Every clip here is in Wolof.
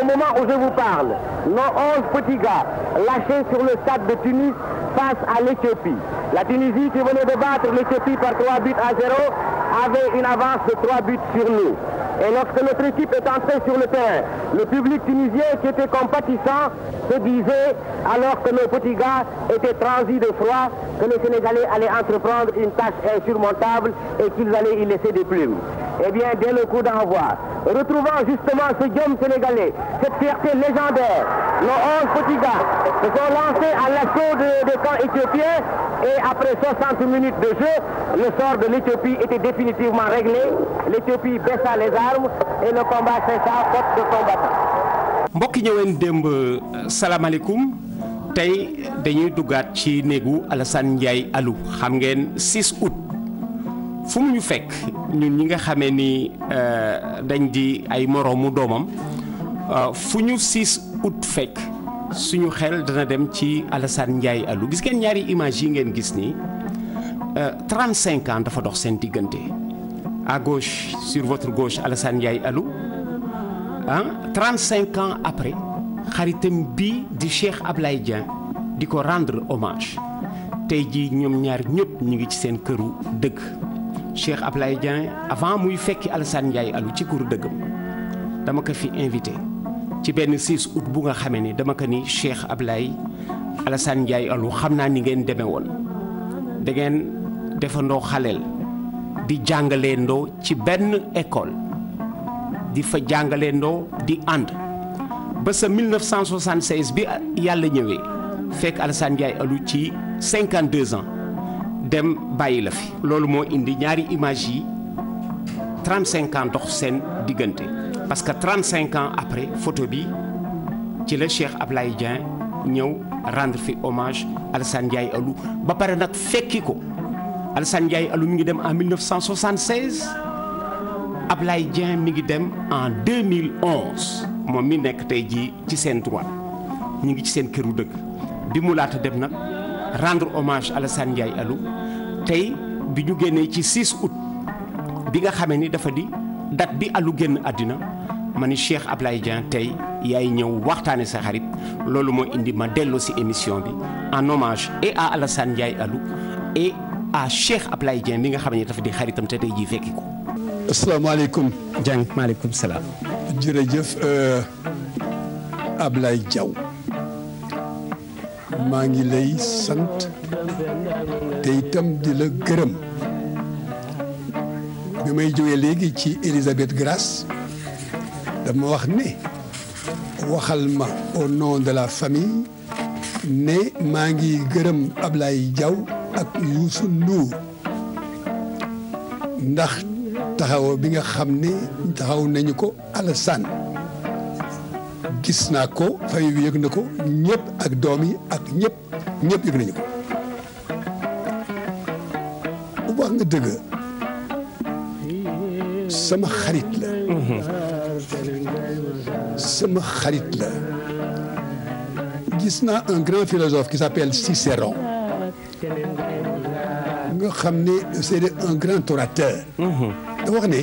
au moment où je vous parle, nos petits gars lâchés sur le stade de Tunis face à l'Éthiopie. La Tunisie qui venait de battre l'Éthiopie par 3 buts à 0 avait une avance de 3 buts sur nous. Et lorsque notre équipe est entrée sur le terrain, le public tunisien qui était compatissant se disait, alors que nos petits gars étaient transis de froid, que les Sénégalais allaient entreprendre une tâche insurmontable et qu'ils allaient y laisser des retrouvant justement ce diome sénégalais, cette fierté légendaire, nos 11 petits gars se sont lancés à l'assaut des de camps éthiopiens et après 60 minutes de jeu, le sort de l'Éthiopie était définitivement réglé. L'Éthiopie baissa les armes et le combat cessa faute de combattants. mbokk yi démb salaamaaleykum tey dañuy duggaat ci néegu Alassane Ndiaye Alou xam ngeen 6 fu mu ñu fekk ñun ñi nga xamee ni euh, dañ di ay moroomu doomam euh, fu ñu six août fekk suñu xel dana dem ci Alassane Ndiaye Alou gis ngeen ñaari image yi ngeen gis nii 35 euh, ans dafa dox seen diggante à gauche sur votre gauche Alassane Ndiaye Alou ah 35 ans après xaritam bi di Cheikh Ablaye Dieng di ko rendre hommage tey jii ñoom ñaar ñëpp ñu ngi ci seen këru dëkk. Cheikh ablaay Dieng avant muy fekki Alassane Ndiaye alu ci kuru dëggam dama ko fi invité ci benn 6 août bu nga xamee ni dama ko ni Cheikh ablaay Alassane Ndiaye alu xam naa ni ngeen demee woon da ngeen defandoo xaleel di jàngaleendoo ci benn école di fa jàngaleendoo di ànd ba sa 1976 bi yàlla ñëwee fekk Alassane Ndiaye alu ci 52 ans. dem bàyyi la fi loolu moo indi ñaari image yi 35 ans dox seen diggante parce que 35 ans après photo bi ci la Cheikh Ablaye Dieng ñëw rendre fi hommage Alassane Ndiaye Alou ba pare nag fekki ko Alassane Ndiaye Alou mu ngi dem en 1976 Ablaye Dieng mi ngi dem en 2011 moom mi nekk tey jii ci seen droit ñu ngi ci seen këru dëkk bi mu laata dem nag. rendre hommage Alassane Ndiaye Alou tey bi ñu génnee ci 6 août bi nga xamee ni dafa di date bi Alou génn àddina ma ni Cheikh Ablaye Dieng tey yaay ñëw waxtaane sa xarit loolu moo indi ma delloo si émission bi en hommage et à Alassane Ndiaye Alou et à Cheikh Ablaye Dieng bi nga xam ne dafa di xaritam te tey jii fekki ko. asalaamaaleykum. Dieng maaleykum salaam. jërëjëf euh, Ablaye Diaw. maa ngi lay sant tey itam di la gërëm bi may jógee léegi ci Elisabeth Grace dama wax ne waxal ma au nom de la famille ne maa ngi gërëm Ablaye Diaw ak Youssou Ndour ndax taxaw bi nga xam ne taxaw nañu ko Alassane gis naa ko famille bi yëg na ko ñëpp ak doom yi ak ñëpp ñëpp yëg nañu ko. wax nga dëgg sama xarit la. sama xarit la gis naa un grand philosophe qui s'appelle Cicéron nga xam ne c'est un grand orateur. wax ne.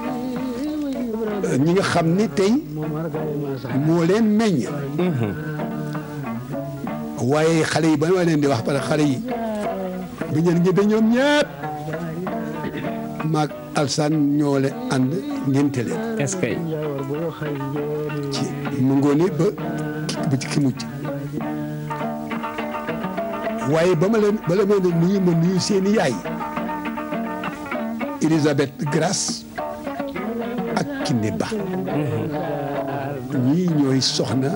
ñi nga xam ne tey moo leen meññ. waaye xale yi ba ma leen di wax parce que xale yi bi ngeen ñëwee ñoom ñëpp maag alsan ñoo leen ànd ngénte leen. est-ce ci mu ngoone ba ki mujj waaye ba ma leen bala ma leen nuyu ma nuyu seeni yaay Elisabeth Grace. Kiné Ba ñii ñooy soxna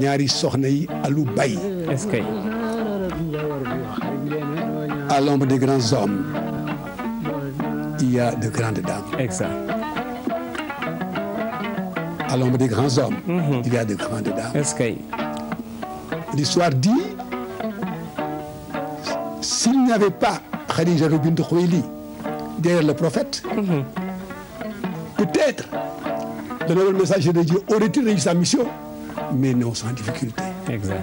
ñaari soxna yi Aliou Baye est-ce que à l'ombre des grands hommes il y a de grandes dames exact à l'ombre des grands hommes mm-hmm. il y a de grandes dames est-ce que l'histoire dit s'il n'y avait pas Khadija Bintou Khuwaylid derrière le prophète mm-hmm. peut-être le nouveau message de Dieu aurait-il réussi sa mission mais non sans difficulté. Exact.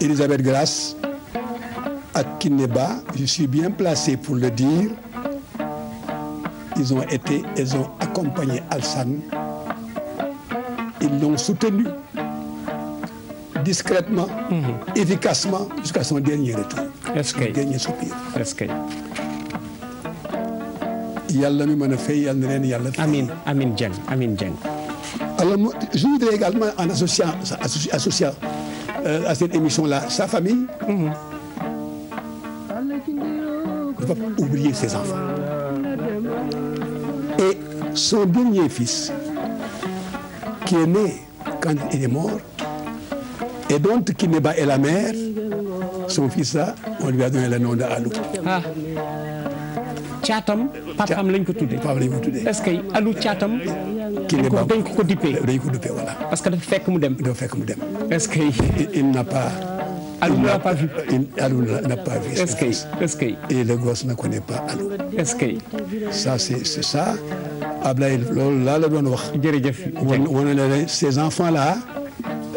Elisabeth Grasse à Kineba, je suis bien placé pour le dire. Ils ont été, ils ont accompagné Alsan. Ils l'ont soutenu discrètement, mm -hmm. efficacement jusqu'à son dernier retrait. Est-ce que son dernier soupir. Est-ce que yàlla mi mën a fay yàlla na leen yàlla. amiin amiin Dieng amiin Dieng. alors je voudrais également en associant associant euh, à cette émission là sa famille. ne va pas oublier ses enfants. et son dernier fils qui est né quand il est mort et donc Kineba est la mère son fils là on lui a donné le nom de Alou. Ah. caatam papaam lañ ko tuddee. ko tuddee est-ce ko ko duppee dañ ko duppee voilà. parce que dafa fekk mu dem. dafa fekk mu dem. est-ce que il n'a pas. Alou n'a pas vu. Alou n'a et le gosse ne connaît pas Alou. est-ce que. ça c'est c'est loolu laa la doon wax. jërëjëf jërëjëf wane na ne ces enfants là.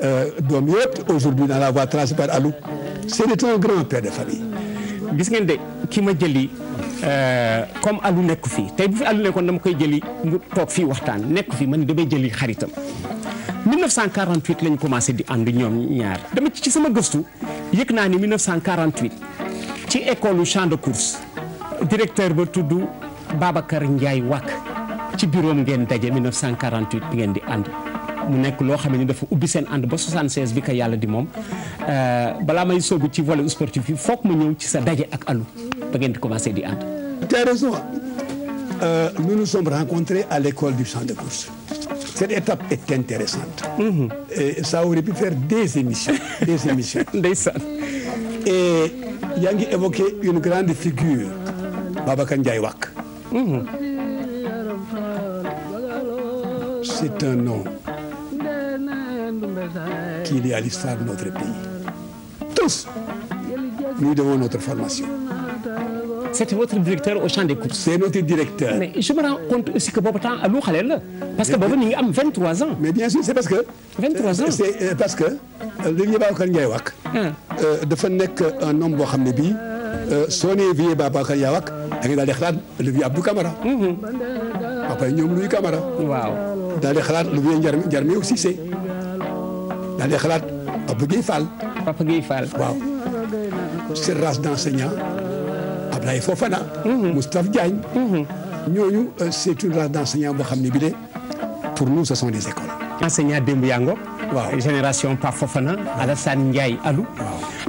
Euh, doom yëpp aujourd'hui dans la voie tracée par Alou. c'est un grand père de famille. gis ngeen de ki ma jëli. Euh, comme alu nekk fii tey bu fi alu nekkoon dama koy jëli mu toog fii waxtaan nekk fii man damay jëli xaritam 1948 lañ commencé di ànd ñoom ñaar dama ci sama gëstu yëg naa ni 1948 ci école champ de course directeur ba tudd Babacar Ndiaye Wack ci bureau ngeen daje 1948 bi ngeen di ànd mu nekk loo xam ne dafa ubbi seen ànd ba 76 bi ko yàlla di moom euh, balaa may soobu ci volet sportif bi foog ma ñëw ci sa daje ak Alou ba ngeen di commencé di ànd. tu as raison euh, nous nous à l'école du champ de course. cette étape est intéressante. Mm-hmm. et ça aurait pu faire des émissions des émissions. yaa ngi évoqué une grande figure Babacar Ndiaye Wack. Mm-hmm. c'est un nom. qui lie à l'histoire de notre pays. Tous, nous devons notre formation. C'était votre directeur au champ des courses. C'est notre directeur. Mais je me rends compte aussi que Bobo Temps allo xale la. parce que boobu ñu ngi am 23 ans. Euh, euh, ah. euh, nekk un homme boo xam ne bii soo nee Vieux Babacar Ndiaye Wack da ngay daal di xalaat le Vieux Abdou Camara. Mhm. après ñoom Louis Camara. waaw le Vieux Ndiarmi aussi Cissé. daal di xalaat Papa Gueye Fall. Papa Gueye Fall waaw. service d'enseignant Ablaye Fofana. Mhm. Moustapha Diagne. Mhm. ñooñu euh, c'est une race d'enseignants boo xam ne bi de pour nous ce sont des écoles. enseignants démb yaa ngoog. waaw génération Pape Fofana Alassane Ndiaye Alou.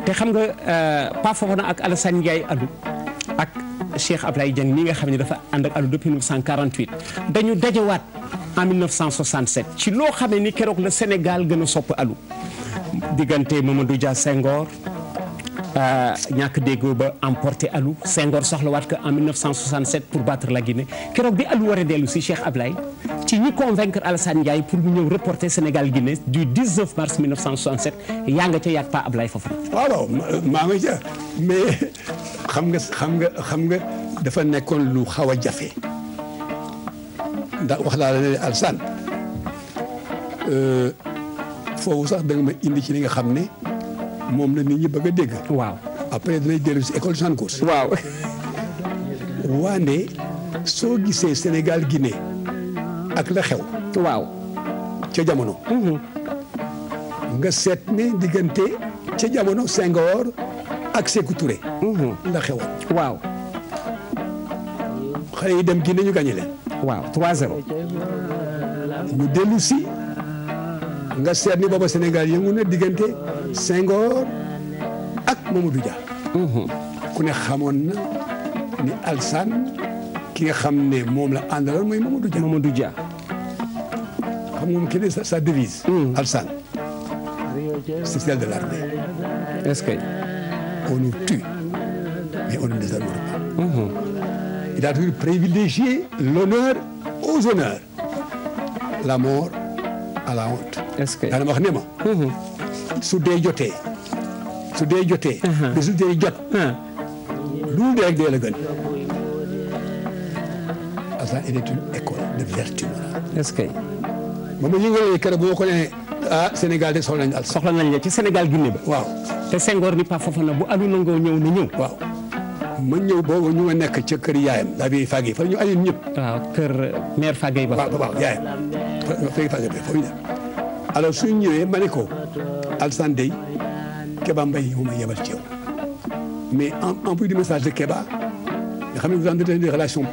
te xam nga euh, Pape Fofana ak Alassane Ndiaye Alou ak Cheikh Ablaye Diagne mi nga xam ne dafa ànd ak Alou depuis 1948 dañu dajewaat. en 1967 ci loo xamee ni keroog la Sénégal gën a sopp alu diggante du jaar Senghor euh, ñàkk déggoo ba emporté alu Senghor soxlawaat ko en 1967 pour battre la Guinée keroog bi alu war a dellu si Cheikh Ablaye ci ñi convaincre Alassane Ndiaye pour mu ñëw reporter Sénégal Guinée du 19 mars 1967 yaa nga ca yaat Pa Ablaye Fofana. maa nga ca mais xam nga xam nga xam nga dafa nekkoon lu xaw a jafe. ndax wax naa la ne alsaan euh, foofu sax da nga ma indi ci li nga xam ne moom la nit ñi bëgg a dégg. waaw après danay dellu si école Jean Cours. waaw. waande soo gisee Sénégal Guinée ak la xew. ca jamono. Mm-hmm. nga seet ne diggante ca jamono Senghor ak Sékou Touré. Mm-hmm. la xewoon. waaw. xale yi dem Guinée ñu gagné leen. waaw 3-0 ñu dellu nga seet ni booba Sénégal yëngu na diggante Senghor ak Mamadou Dia. Mhm. ku ne xamoon na ni Alsaan ki nga xam ne moom la àndaloon mooy Mamadou Dia. Mamadou Dia. xam nga moom kii sa devise. Mhm. Alsaan c'est celle de l'armée. est-ce on nous tue mais on ne nous honore pas. Mhm. il a toujours privilégié l'honneur aux honneurs la mort à la honte. est-ce que wax ne ma. Mhm. su dee jotee su dee jotee. Mhm. su dee jot. Mhm. lu dee rek dee la gën. Assane était une école de vertu morale. est-ce que. ñu ngi lay keroog boo ko nee ah, Sénégal de soxla nañu al. soxla nañu ci Sénégal Guinée ba. waaw te Senghor ni pas foofu na bu àdduna ngoo ñëw na ñëw. waaw. ma ñëw boobu ñu nga nekk ca kër yaayam la bi Fagey fa ñu ayoon ñëpp. waaw kër mère Fagey ba. waaw waaw yaayam Fagey Fagey ba foofu ñu ne. alors suñu ñëwee Dey Keba Mbaye moom la yebal ci yow mais en en plus du message de Keba nga xam ne vous entretenez des relations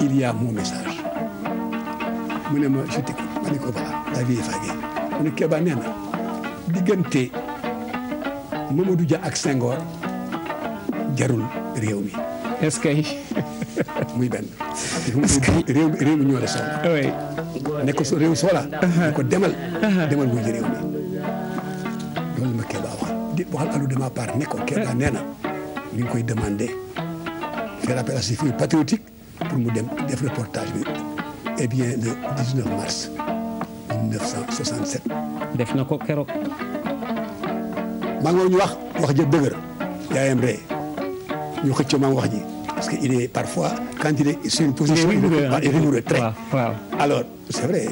il y a mon message mu ne ma je t'écoute ma ne la vie est Fagey mu ne Keba nee na diggante Mamadou Dia ak Senghor. jarul réew mi. est-ce que. muy benn. est-ce que réew mi ñoo la soxla. oui. ko réew soxla. Uh-huh. ne demal. Uh-huh. demal wuy ji mi. loolu ma Keba wax di waxal alu de ma part ne nee na ñu koy demandé faire appel mu dem def reportage bi eh bien le def na ko keroog. maa ngi wax wax dëgër yaayam ree ñu xëccoo maam wax ji parce que il est parfois quand su est sur une position il est rigoureux très alors c'est vrai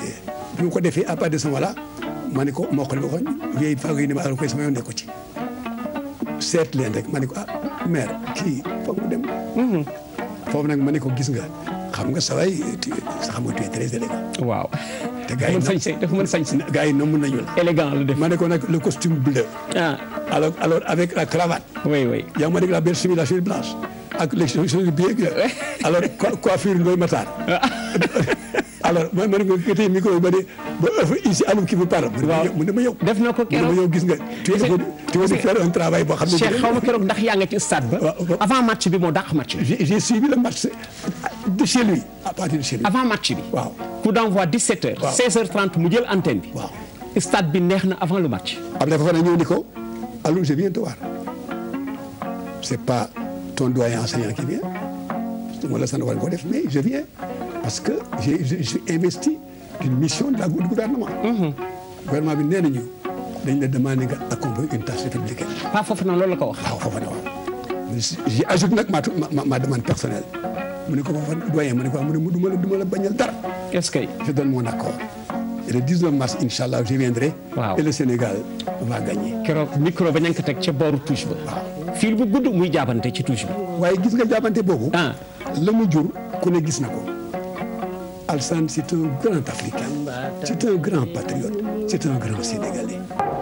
bi mu ko defee à partir de ce moment-là ma ne ko moo ko waxoon vieille faago ma alors koy sama yoon nekku ci seet leen rek ma ni ko ah maire kii foog mu dem mhm. foofu nag ma ni ko gis nga xam nga saway xam nga tu es très élégant waaw te gars yi nag dafa mën sañ si gars la. ma ne ko nag le costume bleu. ah alors alors avec la cravate. oui oui yaa ma dégg la belle simulation blanche ak les cheveux bien alors coiffure Ndoye Matar. Ah. alors man man nga tey micro bi ba de ba ici alum ne ma yow. def na ko keroog mu ma yow gis nga. tu es tu travail boo xam ne. Cheikh xaw ndax yaa nga ci stade ba. avant match bi moo dàq match bi. j'ai suivi le match de chez avant match bi waaw. coup d'envoi 17h. waaw 16h30 mu jël antenne bi. waaw bi neex na avant le match. am na fa fan ñëw ni ko allô je viens te voir c'est pas ton doyen enseignant qui vient wala sa war ko def mais je viens parce que j'ai j'ai investi d'une mission de la du gouvernement. Mhm. gouvernement bi nee nañu dañ la demandé nga accompagner une tâche républicaine. pas foofu na loolu la ko wax. waaw foofu na waaw. nag ma demande personnelle. mu ne ko doyen mu ne ko mu ne du ma la du ma la bañal dara. est-ce que. je donne mon accord. et le 19 mars incha allah je viendrai. waaw et le Sénégal va gagner. keroog micro ba ña nga ko teg ca booru touche ba. waaw fil bu gudd muy jaabante ci touche bi. waaye gis nga jaabante boobu. Ah. la mu jur ku ne gis na ko. Alsane c'est un grand africain. c'est un grand patriote. c'est un grand sénégalais.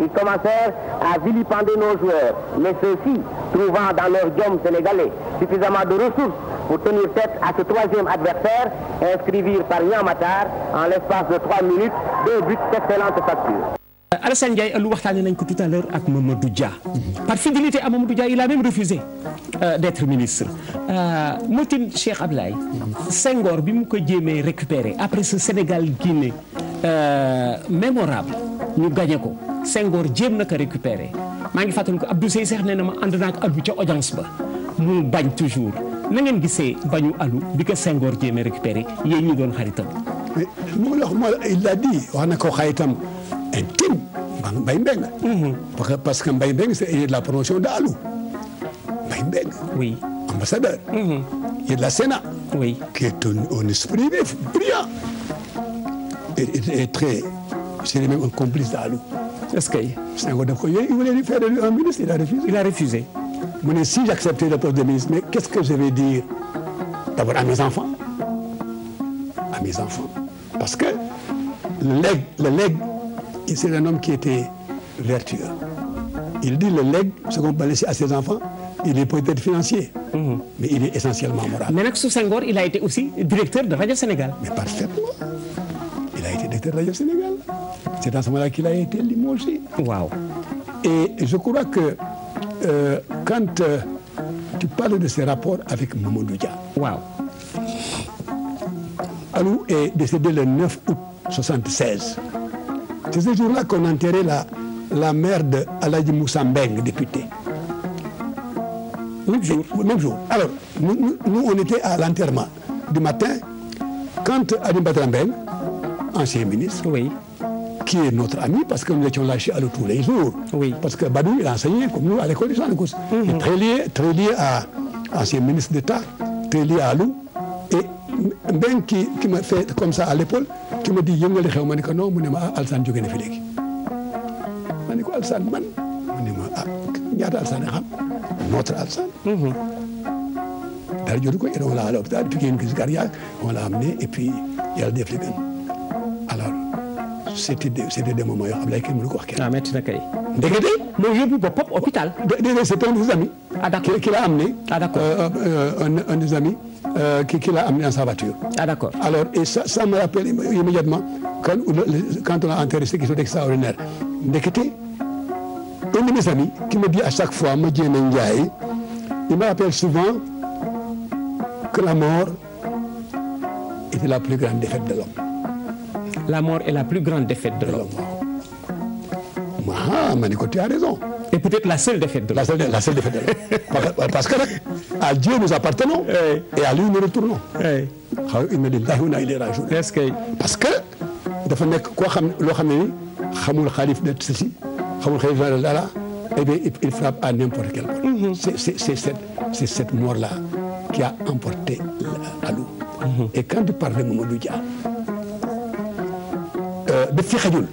ils commencèrent à vilipender nos joueurs. Mais ceux-ci, trouvant dans leur diome sénégalais suffisamment de ressources pour tenir tête à ce troisième adversaire, inscrivirent par Niamatar en l'espace de trois minutes deux buts d'excellente facture. Alassane Ndiaye lu waxtaanee nañ ko tout à l'heure ak Mamadou Dia par fidélité à Mamadou Dia il a même refusé euh, d'être ministre euh, Motine Cheikh Ablaye Senghor bi mu ko jéemee récupérer après ce Sénégal Guinée euh, mémorable ñu gagné Senghor jéem na ko récupérer maa ngi fàttaliku Abdou Seye Seck nee na ma ànd naa ak Alou ca audience ba mu bañ toujours na ngeen gisee bañu Alou bi ko Senghor jéem a récupérer yéen ñu doon xaritam. mais li ma la wax mooy il a dit wax na ko xaritam intime Mbaye Mbengue. Mhm. parce que parce que Mbaye Mbengue c'est de la promotion de Alou Mbaye Mbengue. oui ambassadeur. Mhm. il est de la Sénat. oui qui est un, un esprit brillant et, et, et très c'est même un complice d'Alou. est-ce que Senghor daf ko yooyu il voulait lui faire de lui un ministre il a refusé. il a refusé mu ne si j'accepte le poste de ministre mais qu'est-ce que je vais dire d'abord à mes enfants à mes enfants parce que le legs le legs c'est un homme qui était vertueux il dit le legs ce qu'on peut laisser à ses enfants il est peut-être financier. Mmh. mais il est essentiellement moral. mais nag sous Senghor il a été aussi directeur de Radio Sénégal. mais parfaitement. a de Radio Sénégal. C'est dans ce qu'il a été limogé. Et je crois que euh, quand euh, tu parles de ses rapports avec Mamadou Dia. Alou est décédé le août C'est ce jour-là qu'on enterrait la, la de Aladji Moussa député. Alors, nous, nous, on était à l'enterrement du matin quand Adim Batrambeng, ancien ministre. Oui. Qui notre ami parce que nous étions là chez Allo tous les jours. Parce que Badou, il enseignait comme nous à l'école de Sandekous. Mm -hmm. Très lié, ancien ministre d'État, très lié à Alou. Et Mbeng qui, m'a fait comme ça à l'épaule, qui m'a dit yëngali xew ma ne ko non mu ne ma ah Alsaan jóge na fi ma ne ko Alsaan man mu ne ma ah ñaata Alsaan xam notre Alsaan. Mhm. dara jotu ko et on l'a à l'hôpital puis ngeen gis def li gën. c'était des c'était des moments yoo xam ne kenn mënu ko wax kenn. Ah, ndekete. moo yóbbu boppam hôpital. déedéet c'est ah, ah, euh, euh, un des amis. ah d'accord amené. un des amis. ki ki amené en sa alors et ça me rappelle immédiatement quand on a enterré qui est extraordinaire ndekete un de amis qui me dit à chaque fois ma jéem a njaay il me rappelle souvent que la mort était la plus grande défaite de l'homme la mort est la plus grande défaite de l'homme. Ah, ma ne ko tu as raison. Et peut-être la seule défaite de l'homme. La seule, la seule défaite de l'homme. Parce que nag à Dieu nous appartenons. Eh. et à lui nous retournons. xaw inna lillahi wa inna ilayhi rajiun. est-ce que. parce que dafa nekk koo xam loo xam ne ni xamul xaalif de ceci xamul xaalif de dara et eh bien il frappe à n'importe quel point. Mm-hmm. c'est c'est c'est cette c'est cette mort là qui a emporté Alou. Mm-hmm. et quand tu parles de Mamadou Dia. daf euh, fi xajul.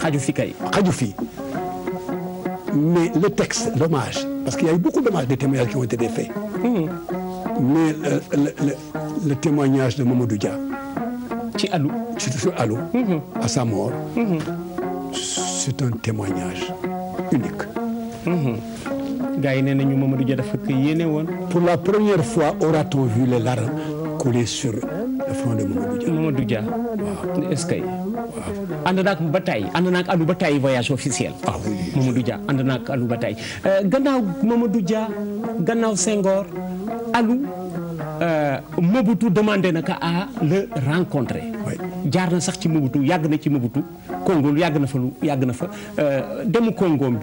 xaju fi kay. xaju fi mais le texte l'hommage parce qu'il y a eu beaucoup d'hommages des témoignages qui ont mhm. mais le, le le le témoignage de Mamadou Dia. ci Allou ci ci Allou. Mhm. à sa mort. Mhm. c'est un témoignage unique. gars nañu Mamadou Dia dafa ko yéene woon. pour la première fois aura vu les larmes couler sur le front de Mamadou Dia. Mamadou Dia waaw est waaw na naag ba tey ànd naag Aliou ba tey voyage officiel. ah du Mamadou Dia ànd naag Aliou ba tey euh, gannaaw Mamadou Dia gannaaw Senghor Aliou euh, Mobutu demandé na ka à le rencontrer. jaar na sax ci Mobutu yàgg na ci Mobutu Congo yàgg na fa lu yàgg na fa euh, demu Congo bi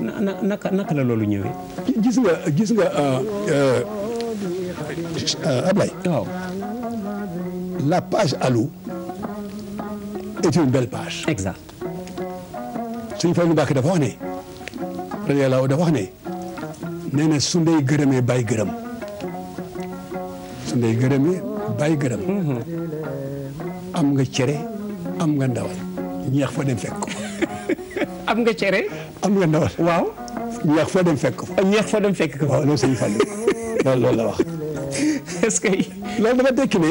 na naka naka la loolu ñëwee. gis nga gis nga Ablaye. waaw la page Aliou. est une belle page. exact. suñu Fallu Mbàkke dafa wax ne. radiyallaahu e dafa wax ne. nee na su ndey gërëm. su ndey gërëmee bay gërëm. Mhm. am nga cere am nga ndawal ñeex foo dem fekk ko. am nga cere. am nga ndawal waaw. ñeex fa dem fekk ko. ñeex fa dem fekk ko. loolu suñu Fallu ne.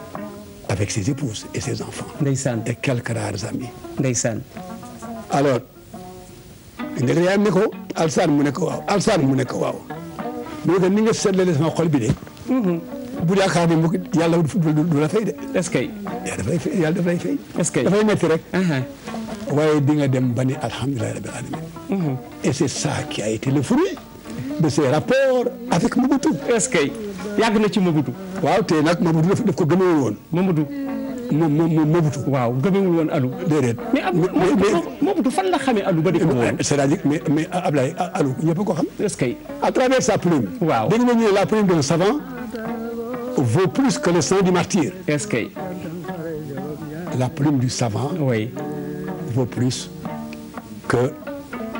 avec ses épouses et ses enfants. ndeysaan et quelques rares amis. ndeysaan. alors ndeke yaayam ne ko alsaan mu ne ko waaw alsaan mu nekk waaw mu ne ko ni nga seetlee sama xol bi de. Mm-hmm. bu yaakaar ne moom yàlla du la fay de. est-ce que. yàlla dafay fay yàlla dafay fay. est-ce que dafay métti rek. Uh-huh. waaye di nga dem ba ni alhamdulilah rabbil alamin. Mm-hmm. et c'est ça qui a été le fruit de ces rapports avec Mobutu. est yàgg na ci Mobutu. waaw te nag Mobutu daf ko gëmewul woon. Mobutu. moom moom Mobutu. waaw gëmewul woon Alou. déedéet mais ab Mobutu xamee Alou ba di ko mais mais Ablaye Alou ñëpp ko xam. est-ce que. à travers sa plume. waaw dégg nga ñu la plume d'un savant vaut plus que le sang du martyr. est-ce que. la plume du savant. oui. vaut plus que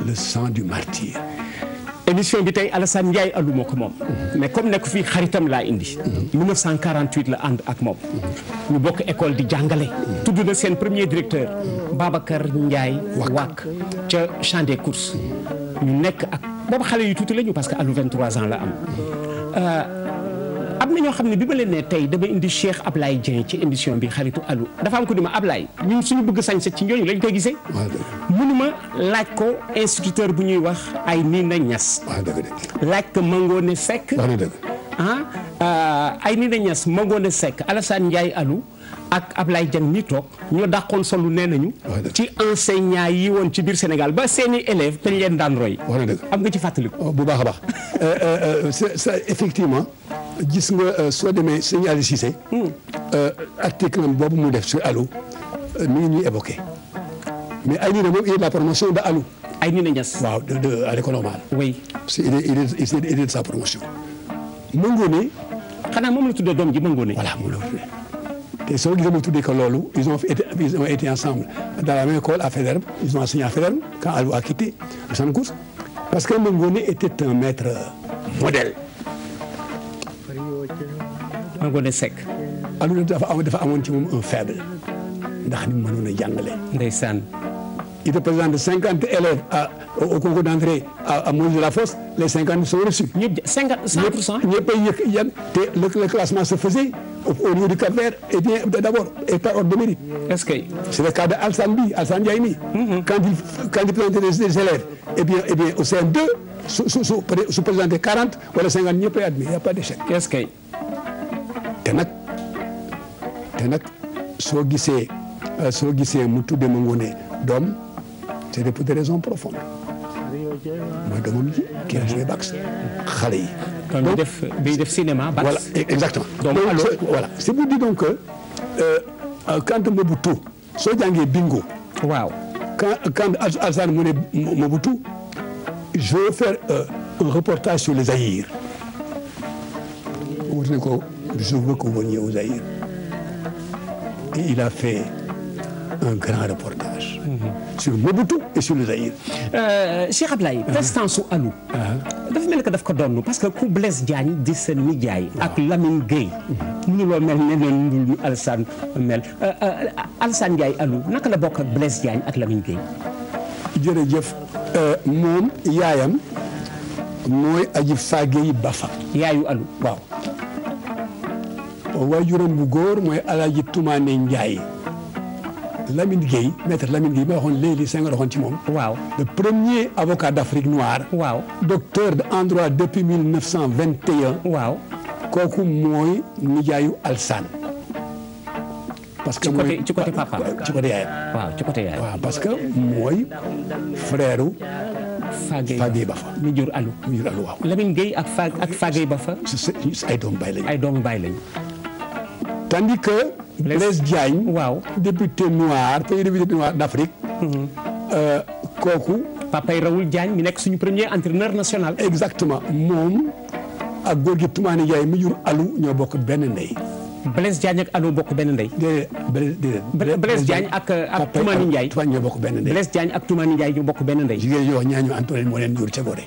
le sang du martyr. émission bi tey Alassane Ndiaye ànduma ko moom mais comme nekk fii xaritam laa indi 1948 la ànd ak moom ñu bokk école di jàngale tudd na seen premier directeur Babacar Ndiaye Wack ca champ des courses ñu nekk ak boobu xale yu tuuti la ñu parce que alu 23 ans la am euh, am na ñoo xam ne bi ma leen ne tey dama indi Cheikh Ablaye Dieng ci émission bi xaritu Allo dafa am ko di ma Ablaye ñun suñu bëgg sañse ci ñooñu lañ koy gisee. mënuma laaj ko instituteur bu ñuy wax ay nii na ñas. laaj ko Mangone Seck. ah, ah ay nii na ñas Mangone Seck Alassane Ndiaye Allo ak Ablaye Dieng mi toog ñoo dàqoon solu nee nañu. ci enseignant yi woon ci biir Sénégal ba seeni élèves dañ leen daan roy. am nga ci fàttaliku. Oh, bu baax a baax euh, euh, euh, effectivement. gis nga euh, soo demee sëñ Aliou Cissé. Hmm. Euh, article am boobu mu def sur Allo euh, mi ngi ñuy mais ay nii moom il est la promotion de Allo. ay nii ñas waaw de de à l'école normale. oui parce de sa promotion. Mangone. xanaa moom la tuddee doom ji Mangone. voilà moom la tuddee te soo gisee mu tuddee que loolu ils ont été ensemble dans la même école à Faidherbe ils ont enseigné à Faidherbe quand Allo a quitté le Sonacous parce que Mangone était un maître modèle. Ngoné Seck. Abdou dafa dafa amoon ci moom un faible ndax ni mu mënoon a jàngale. ndeysaan. il cinquante élèves à au concours d'entrée à à de la Fosse les cinquante sont reçus. ñëpp cinquante cent pour cent. ñëpp ñëpp te le classement se faisait au niveau du Cap-Vert et bien d'abord et par ordre de mérite. est-ce que. c'est le cas de Alsane bi Alsane Ndiaye mi. Mm-hmm. quand il quand il et eh bien et eh bien au CM2 su présenté quarante wala cinquante ñëpp ay admis a pas d'échec. est te nag te nag soo gisee euh, soo gisee mu tudde ma ngoone doom c'est pour des raisons profondes mooy doomam ji kii a joué Bax def bi def cinéma Bax. voilà e-, exactement. donc voilà c'est pour dire donc que euh, quand Mobutu soo jàngee bingo. waaw quand mu ne Mobutu je vais euh, un reportage sur les Zaïre. wut nañu ko. je veux que vous veniez aux aïeux. Et il a fait un grand reportage. Mm-hmm. sur Mobutu et sur les aïeux. Euh, Cheikh Ablaye. prestance su Aliou. dafa mel ni que daf ko doon parce que ku Blaise Diagne di seen nijaay. Ah. ak Lamine Gueye. Mm-hmm. mënuloo mel ne leen ñu ñu Alassane mel euh, euh, Alassane Ndiaye Aliou naka la bokk ak Blaise Diagne ak Lamine Gueye. jërëjëf moom yaayam mooy aji faage yi Bafa. yaayu Aliou waaw. waajuram bu góor mooy alaaji Tumaane Njaay lamin Gueye maître Lamine Gueye ma waxoon léegi sëñ nga waxoon ci moom. waaw le premier avocat d' Afrique noire. waaw docteur en droit depuis 1921. waaw kooku mooy nijaayu Alsaan. parce que mooy ci côté papa ci côté yaayam. parce que mooy frère. Fagey Bafa Fagey Bafa. mi jur Alou mi jur Alou waaw. Lamine Gueye ak Fagey ay doomu baay ay doomu baay lañu. tandis que. Blaise Diagne waaw député noir premier député noir d' Afrique. Mhm. Euh, kooku. Papa Raoul jaañ mi nekk suñu premier entraîneur national. exactement moom ak góor gi Toumani Ndiaye mi jur Alou ñoo bokk benn ndey. Blaise Diagne ak Alou bokk benn ndey. déedéet Blaise Diagne ak ak Toumani Ndiaye. Toumani ñoo bokk benn ndey. Blaise Diagne ak Toumani Ndiaye ñoo bokk benn ndey. jigéen ñi wax ñaañu Antoine moo leen jur ca Gorée.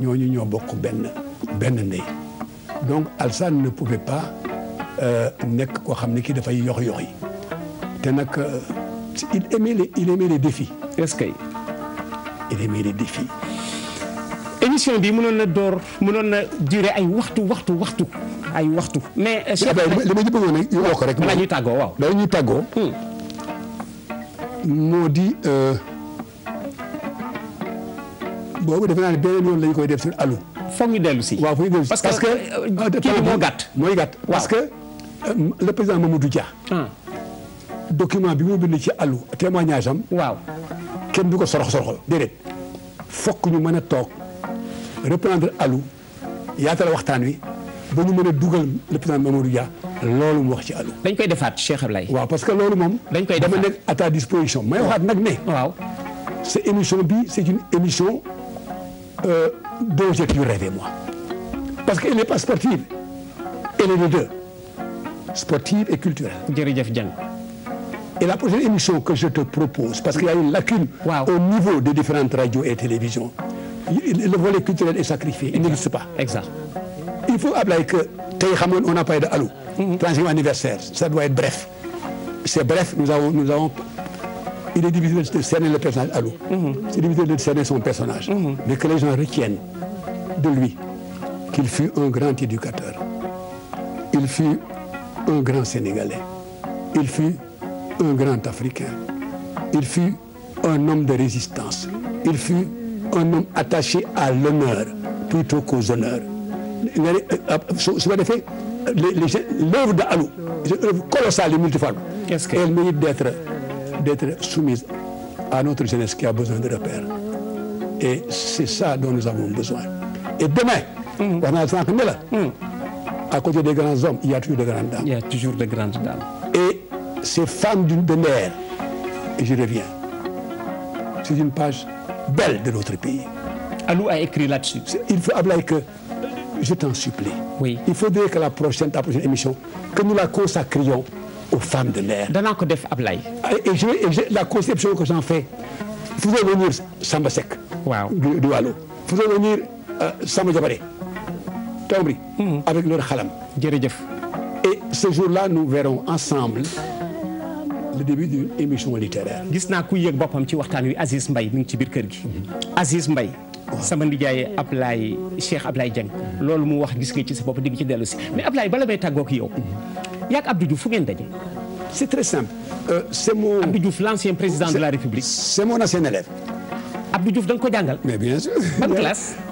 ñoo bokk benn benn ndey donc Alassane ne pouvait pas. Euh, nekk koo xam ne kii dafay yox yox te nag euh, il aimait les il aimait ce que il aimait les défis. émission bi mënoon na door mënoon na durer ay waxtu waxtu waxtu ay waxtu. mais euh, ah Cheikh li ma bëggoon a wax ko rek. balaa ñuy tàggoo waaw balaa ñuy tàggoo. Hmm. moo di boobu defe naa ne beneen yoon lañ koy def sur alu. foog ñu dellu si. waaw foog ñu dellu si parce que kii moo gàtt. mooy gàtt parce Euh, le président Mamadou Dia. Ah. document bi mu bind ci àllu témoignage am. waaw kenn du ko sorox soroxal déedéet. fokk ñu mën a toog reprendre àllu yaatal waxtaan wi ba ñu mën a dugal le président Mamadou Dia loolu mu wax ci àllu. dañ koy defaat Cheikh Ablaye. waaw parce que loolu moom. dañ koy defaat dama nekk à ta disposition. may waxaat nag ne. waaw bi c' est une émission euh, sportive elle est de deux. sportive et culturelle. jërëjëf Dieng. Et la prochaine émission que je te propose, parce qu'il y a une lacune wow. au niveau des différentes radios et télévisions, le volet culturel est sacrifié, exact. il n'existe pas. Exact. Il faut Ablaye que tey on a parlé de Allô, mm -hmm. 30e anniversaire, ça doit C'est bref, nous avons il est difficile le personnage Allô. Mm -hmm. C'est difficile personnage, mm-hmm. mais que les gens retiennent de lui qu'il fut un grand éducateur. un grand Sénégalais. Il fut un grand Africain. Il fut un homme de résistance. Il fut un homme attaché à l'honneur plutôt qu'aux honneurs. su ma defee l'œuvre de Allou, c'est une œuvre colossale et multiforme. Qu'est-ce que... Elle mérite d'être d'être soumise à notre jeunesse qui a besoin de repères. Et c'est ça dont nous avons besoin. Et demain. Mm. wax naa sànq ne la. Mm. à côté des grands hommes, il y a toujours des grandes dames. Il y a toujours des grandes dames. Et ces femmes de l'air, et je reviens, c'est une page belle de notre pays. Alou a écrit là-dessus. Il faut, Ablaye, que je t'en supplie. Oui. Il faudrait que la prochaine, ta prochaine émission, que nous la consacrions aux femmes de l'air. Danaa ko def Ablaye. Ah, et je, et je, la conception que j'en fais, faisons venir Samba Seck. Waaw. du Waalo. Faisons venir euh, Samba Diabaré. Taoubri. Hmm. avec leur xalam. jërëjëf. et ce jour-là nous verrons ensemble le début gis naa kuy yëg boppam ci waxtaan wi Aziz mbay mi ngi ci biir kër gi. Hmm. Aziz Mbaye. sama nijaay Ablaye Cheikh Ablaye Dieng. Hmm. loolu mu wax gis nga ci sa bopp di nga ci dellu si mais Ablaye bala may tàggoog yow. yaak Abdou Diouf fu ngeen daje. c'est très simple. Euh, c'est l'ancien président de la République. c'est mon ancien élève. Abdou Diouf da nga ko jàngal. mais bien sûr. ban classe.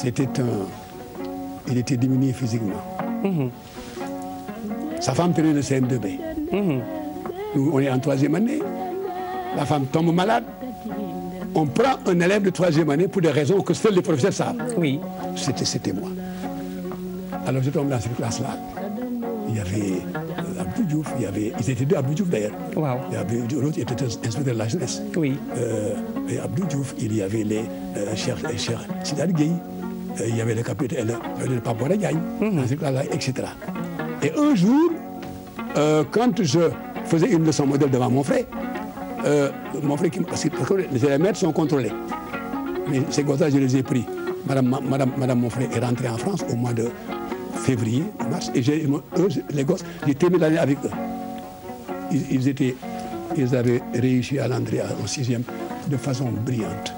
C'était un... Il était diminué physiquement. Mm -hmm. Sa femme tenait le CM2B. Mm -hmm. Nous, on est en troisième année. La femme tombe malade. On prend un élève de troisième année pour des raisons que seuls les professeurs savent. Oui. C'était moi. Alors je tombe dans cette classe-là. Il y avait Abdou Diouf, il y avait, ils étaient deux Abdou Diouf d'ailleurs. Wow. Il y avait l'autre était inspecteur de la jeunesse. Oui. Euh, et Abdou Diouf, il y avait les euh, chers, chers Sidal Gueye. Euh, il y avait la capitaine euh, le Pape Bore Diagne, mhm. et cetera. Et un jour, euh, quand je faisais une leçon modèle devant mon frère, qui, sont contrôlés. Mais ces gosses-là, je les ai pris. Madame, ma, est rentrée en France au mois de février, mars, et j'ai, les gosses, j'ai terminé l'année avec eux. Ils, étaient, ils avaient réussi à l'entrée en sixième de façon brillante.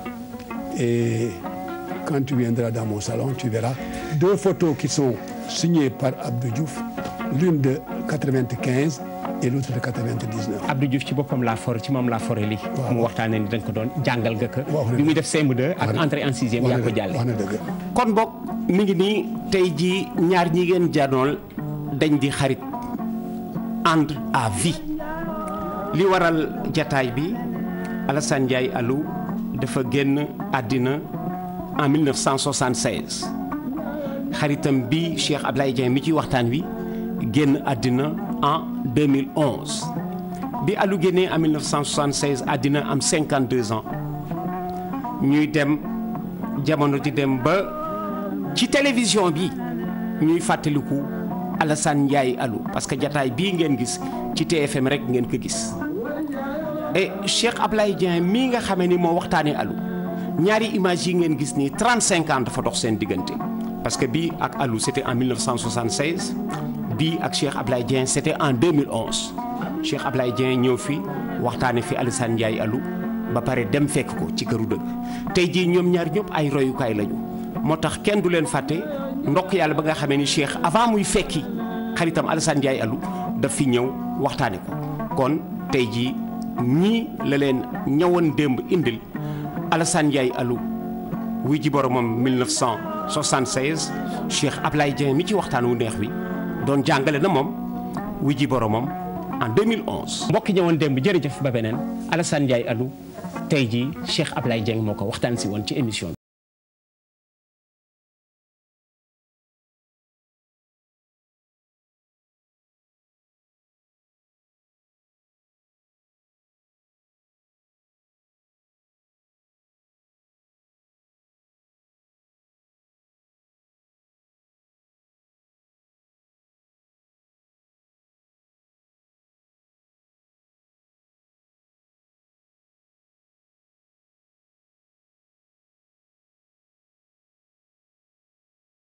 quand tu viendras dans mon salon, tu verras deux photos qui sont signées par Abdou Diouf, l'une de 95 boppam laa for ci moom laa fore li mu da ko doon jàngal nga ko. def CM2 ak entrée en ko jàlle kon boog mi ngi nii tey jii ñaar ñi ngeen janool dañ di xarit ànd à vie li waral jataay bi Alassane Ndiaye Alou dafa génn àddina. en 1976 xaritam bi Cheikh Ablaye Dieng mi ci waxtaan wi génn àddina en 2011 bi Aliou génnee en 1976 àddina am 52 ans ñuy dem jamono di dem ba ci télévision bi ñuy fàttaliku Alassane Ndiaye Aliou parce que jataay bii ngeen gis ci TFM rek ngeen ko gis et Cheikh Ablaye Dieng mii nga xamee ni moo waxtaanee Aliou. ñaari image yi ngeen gis ni 35 cinquante dafa dox seen diggante parce que bii ak Aliou c'était en 1976 bii ak Cheikh Ablaye Dieng c'était en 2011 Cheikh Ablaye Dieng ñëw fi waxtaane fi Alassane Ndiaye Aliou ba pare dem fekk ko ci këru dëgg tey jii ñoom ñaar ñëpp ay royukaay lañu moo tax kenn du leen fàtte ndokk yàlla ba nga xamee ni Cheikh avant muy fekki xaritam Alassane Ndiaye Aliou daf fi ñëw waxtaane ko kon tey jii ñii la leen ñëwoon démb indil. Alassane Ndiaye Alou wuy ji boromam 1976 Cheikh Ablaye Dieng mi ci waxtaan wu neex wi doon jàngale na moom wuy ji boromam en 2011. mbokk ñëwoon démb jërëjëf ba beneen Alassane Ndiaye Alou tey jii Cheikh Ablaye Dieng moo ko waxtaan si woon ci émission bi.